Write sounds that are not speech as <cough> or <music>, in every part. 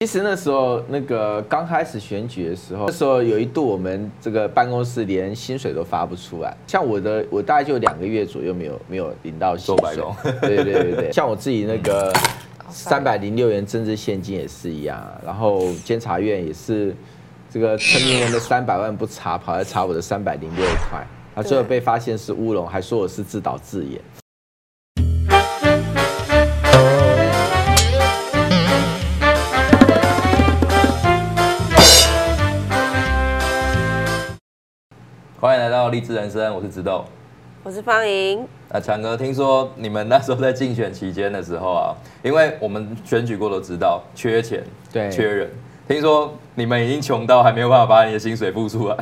其實那時候，那個剛開始選舉的時候，那時候有一度我們這個辦公室連薪水都發不出來。像我的，我大概就兩個月左右沒有沒有領到薪水。對對對對，對，像我自己那個三百零六元政治獻金也是一樣。然後監察院也是這個陳明文的三百萬不查，跑來查我的三百零六塊，他最後被發現是烏龍，還說我是自導自演。歡迎來到荔枝人生，我是植豆，我是方瑩。啊，強哥，聽說你們那時候在競選期間的時候啊，因為我們選舉過都知道，缺錢，對，缺人。聽說你們已經窮到還沒有辦法把你的薪水付出來，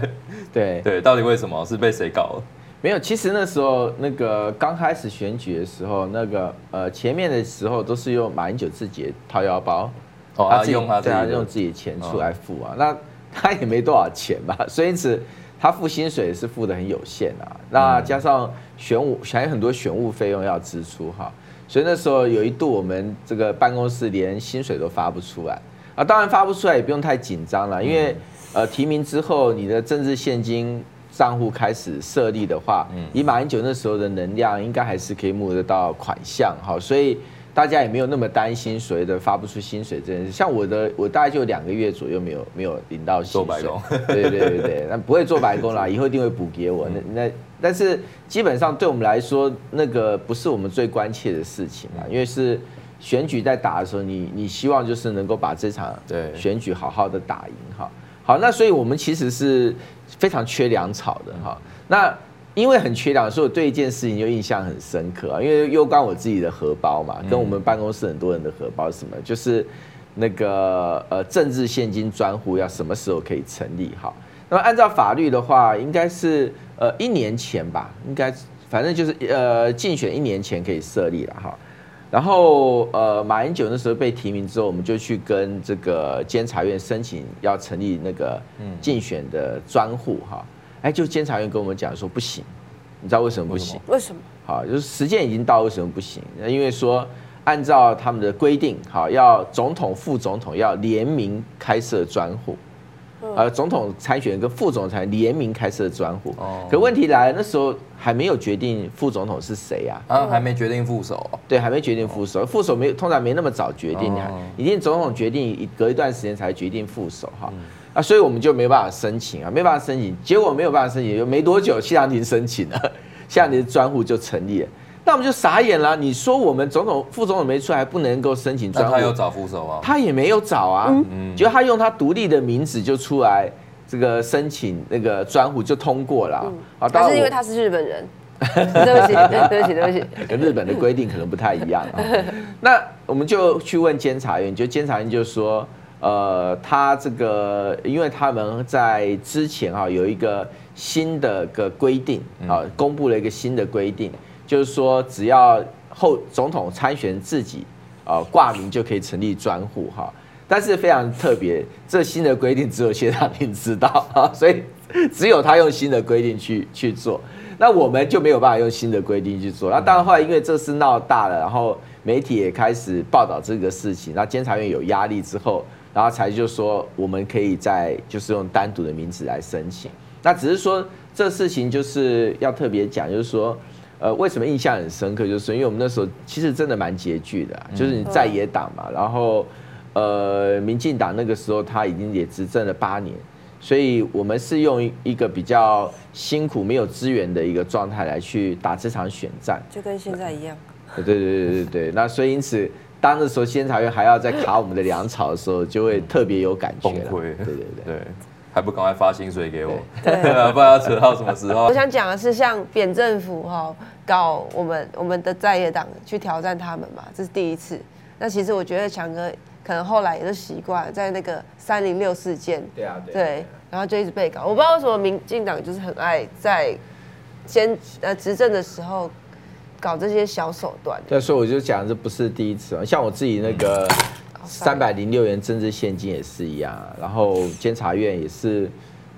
對對，到底為什麼？是被誰搞了？沒有，其實那時候那個剛開始選舉的時候，那個呃前面的時候都是用馬英九自己掏腰包，哦，他，他用他自己的用自己的錢出來付啊，哦、那他也沒多少錢吧，所以因此。他付薪水也是付得很有限啊，嗯、那加上選務還有很多選務費用要支出哈，所以那時候有一度我們這個辦公室連薪水都發不出來啊，當然發不出來也不用太緊張了，因為呃提名之後你的政治獻金賬戶開始設立的話，以馬英九那時候的能量，應該還是可以募得到款項哈，所以。大家也沒有那麼擔心所謂的發不出薪水這件事，像我的，我大概就兩個月左右沒有沒有領到薪水，對對對對，那不會做白工啦，以後一定會補給我。那那但是基本上對我們來說，那個不是我們最關切的事情嘛，因為是選舉在打的時候，你你希望就是能夠把這場選舉好好的打贏哈。好，好，那所以我們其實是非常缺糧草的哈。那。因為很缺糧，所以我對一件事情就印象很深刻啊。因為攸關我自己的荷包嘛，跟我們辦公室很多人的荷包是什麼，就是那個呃政治獻金專戶要什麼時候可以成立？哈，那麼按照法律的話，應該是呃一年前吧，應該反正就是呃競選一年前可以設立了哈。然後呃馬英九那時候被提名之後，我們就去跟這個監察院申請要成立那個競選的專戶哈。哎，就監察院跟我們講說不行，你知道為什麼不行？為什麼？好，就是時間已經到，為什麼不行？那因為說按照他們的規定，好，要總統、副總統要聯名開設專戶，而總統參選跟副總統聯名開設專戶。可問題來了，那時候還沒有決定副總統是誰啊？啊，還沒決定副手。對，還沒決定副手，副手沒通常沒那麼早決定，一定總統決定隔一段時間才決定副手哈。啊，所以我們就沒辦法申請啊，沒辦法申請，結果沒有辦法申請，又沒多久，謝長廷申請了，謝長廷專戶就成立了，那我們就傻眼了。你說我們總統、副總統沒出來，不能夠申請專戶？他有找副手啊？他也沒有找啊，就他用他獨立的名字就出來，這個申請那個專戶就通過了啊。但是因為他是日本人，對不起，對不起，對不起，跟日本的規定可能不太一樣，啊。那我們就去問監察院，就監察院就，察院就說。呃，他這個因為他們在之前啊有一個新的個規定啊，公布了一個新的規定，就是說只要後總統參選自己掛名就可以成立專戶哈，但是非常特別，這新的規定只有謝長廷知道啊，所以只有他用新的規定去去做，那我們就沒有辦法用新的規定去做。那當然後來因為這事鬧大了，然後媒體也開始報道這個事情，那監察院有壓力之後。然後才就說，我們可以再就是用單獨的名字來申請。那只是說這事情就是要特別講，就是說，呃，為什麼印象很深刻？就是因為我們那時候其實真的蠻拮據的，就是你在野黨嘛，然後呃，民進黨那個時候他已經也執政了八年，所以我們是用一個比較辛苦、沒有資源的一個狀態來去打這場選戰，就跟現在一樣。對對對對對，對， <laughs> 那所以因此。當的時候，監察院還要再卡我們的糧草的時候，就會特別有感覺，對對對、嗯、崩潰，對對對，對還不趕快發薪水給我？對對 <laughs> 不知道要扯到什麼時候？我想講的是，像扁政府哈、哦，搞我們我們的在野黨去挑戰他們嘛，這是第一次。那其實我覺得強哥可能後來也是習慣在那個三零六事件對、啊，對啊，對，然後就一直被搞。我不知道為什麼民進黨就是很愛在監呃執政的時候。搞這些小手段，對，所以我就講，這不是第一次，像我自己那個三百零六元政治現金也是一樣，啊，然後監察院也是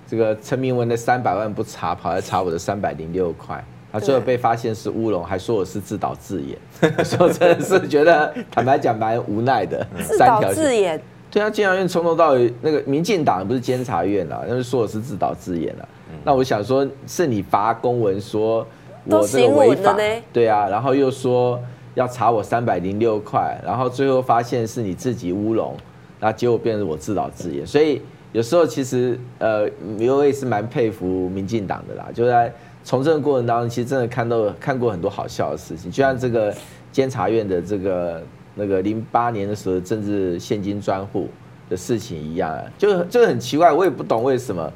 這個陳明文的三百萬不查，跑來查我的三百零六塊，他最後被發現是烏龍，還說我是自導自演，說真的是覺得坦白講蠻無奈的。自 <laughs> 導自演，對啊，監察院從頭到尾那個民進黨不是監察院了，他們說我是自導自演了。那我想說，是你發公文說。都是英文的，我這個違法呢？對啊，然後又說要查我三百零六塊，然後最後發現是你自己烏龍，那結果變成我自導自演。所以有時候其實呃，我也是蠻佩服民進黨的啦，就在從政過程當中，其實真的看到看過很多好笑的事情，就像這個監察院的這個那個零八年的時候的政治現金專戶的事情一樣，就就很奇怪，我也不懂為什麼。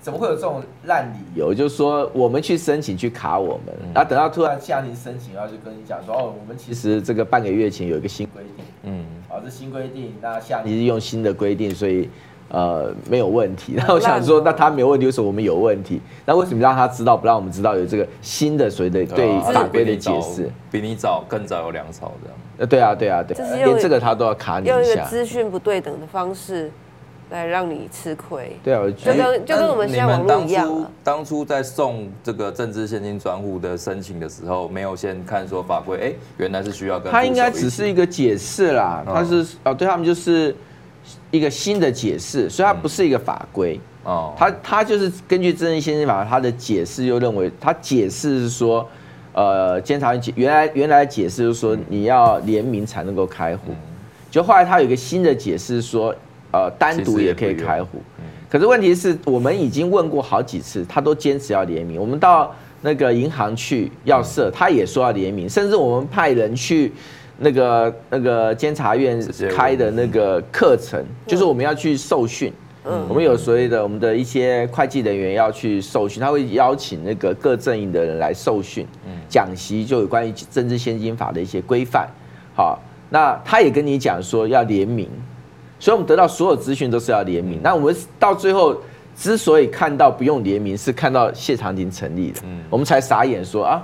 怎麼會有這種爛理由？就是說我們去申請去卡我們，然後、嗯啊、等到突然下令申請，然後就跟你講說哦，我們其實這個半個月前有一個新規定，嗯，好、哦，這新規定，那下令你是用新的規定，所以呃沒有問題。然後我想說了那他沒有問題，為什麼我們有問題？那為什麼讓他知道不讓我們知道有這個新的？所謂的對法規的解釋、啊、比，比你早更早有兩朝這樣？呃、啊，對啊，對啊，對，這對連這個他都要卡你一下，用一個資訊不對等的方式。來讓你吃虧，對啊，就跟就跟我們現在錄一樣了。當初在送這個政治獻金專戶的申請的時候，沒有先看說法規，哎，原來是需要跟。他應該只是一個解釋啦，他是啊，對他們就是一個新的解釋，所以他不是一個法規哦。他他就是根據政治獻金法，他的解釋又認為他解釋是說，呃，監察院原來原來的解釋就是說你要聯名才能夠開戶，就後來他有一個新的解釋說。呃，單獨也可以開戶，可是問題是我們已經問過好幾次，他都堅持要聯名。我們到那個銀行去要設，他也說要聯名。甚至我們派人去那個那個監察院開的那個課程，就是我們要去受訓。嗯，我們有所謂的我們的一些會計人員要去受訓，他會邀請那個各陣營的人來受訓，講習就有關於政治獻金法的一些規範。好，那他也跟你講說要聯名。所以，我們得到所有資訊都是要聯名。嗯、那我們到最後之所以看到不用聯名，是看到謝長廷成立的，嗯、我們才傻眼說啊，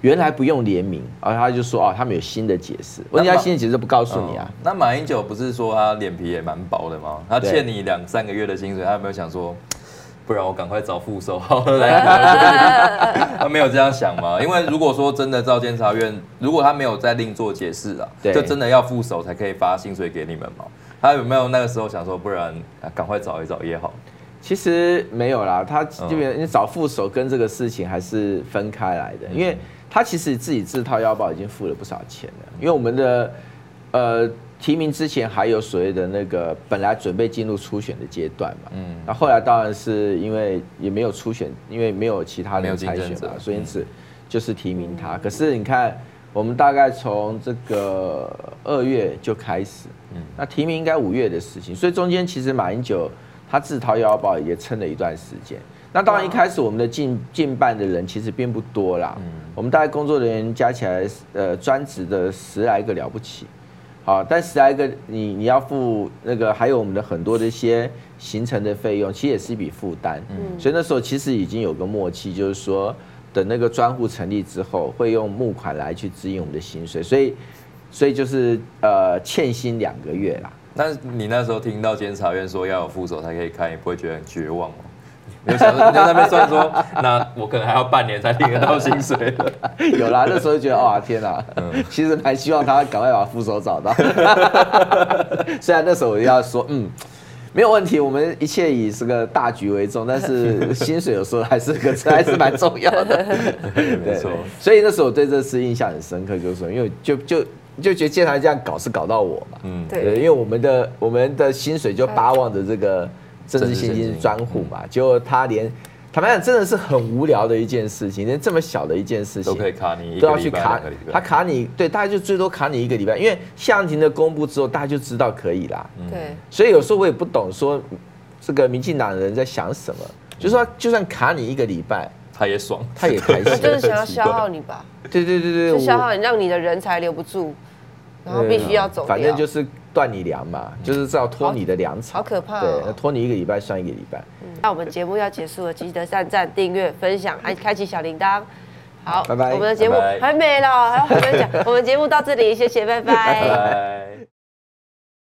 原來不用聯名，然後他就說啊，他們有新的解釋。問題他新的解釋不告訴你啊？那馬英九不是說他臉皮也蠻薄的嗎？他欠你兩三個月的薪水，他有沒有想說，不然我趕快找副手 <laughs> <laughs> 他沒有這樣想嗎？因為如果說真的照監察院，如果他沒有再另做解釋啊，就真的要副手才可以發薪水給你們嗎？他有沒有那個時候想說，不然啊、趕快找一找也好？其實沒有啦，他這邊、嗯、找副手跟這個事情還是分開來的，嗯、因為他其實自己自掏腰包已經付了不少錢了。嗯、因為我們的呃提名之前還有所謂的那個本來準備進入初選的階段嘛，嗯，那後，後來當然是因為也沒有初選，因為沒有其他人參選嘛，所以因此、嗯、就是提名他。可是你看，我們大概從這個二月就開始。那提名應該五月的事情，所以中間其實馬英九他自掏腰包也撐了一段時間。那當然一開始我們的進進辦的人其實並不多啦，我們大概工作人員加起來呃專職的十來個了不起，好，但十來個你你要付那個，還有我們的很多的一些行程的費用，其實也是一筆負擔。所以那時候其實已經有個默契，就是說等那個專戶成立之後，會用募款來去支援我們的薪水，所以。所以就是呃欠薪兩個月啦。那你那時候聽到監察院說要有副手才可以開，你不會覺得很絕望嗎？沒有想到你在那邊算說， <laughs> 那我可能還要半年才領得到薪水了。有啦，那時候就覺得，哦天哪、啊！嗯、其實還希望他趕快把副手找到。 <laughs> 雖然那時候我就要說，嗯，沒有問題，我們一切以這個大局為重，但是薪水有時候還是個還是蠻重要的。對，沒錯。所以那時候我對這次印象很深刻，就是說，因為就就。就覺得經常這樣搞是搞到我嘛，嗯，對，因為我們的我們的薪水就八萬的這個政治獻金專戶嘛，結果他連坦白講真的是很無聊的一件事情，連這麼小的一件事情都可以卡你，都要去卡，他卡你，對，大家就最多卡你一個禮拜，因為向庭的公布之後，大家就知道可以啦，對，所以有時候我也不懂說這個民進黨的人在想什麼，就是說就算卡你一個禮拜。他也爽，他也開心。 <laughs> 他就是想要消耗你吧？對對對對，是消耗你，讓你的人才留不住，然後必須要走。我 反正就是斷你糧嘛，就是要拖你的糧草。好可怕，喔！對，那拖你一個禮拜算一個禮拜。嗯、那我們節目要結束了，記得讚讚、訂閱、分享，還開啟小鈴鐺。好，拜拜。我們的節目還沒了，還要分享我們節目到這裡，謝謝，拜拜。Bye bye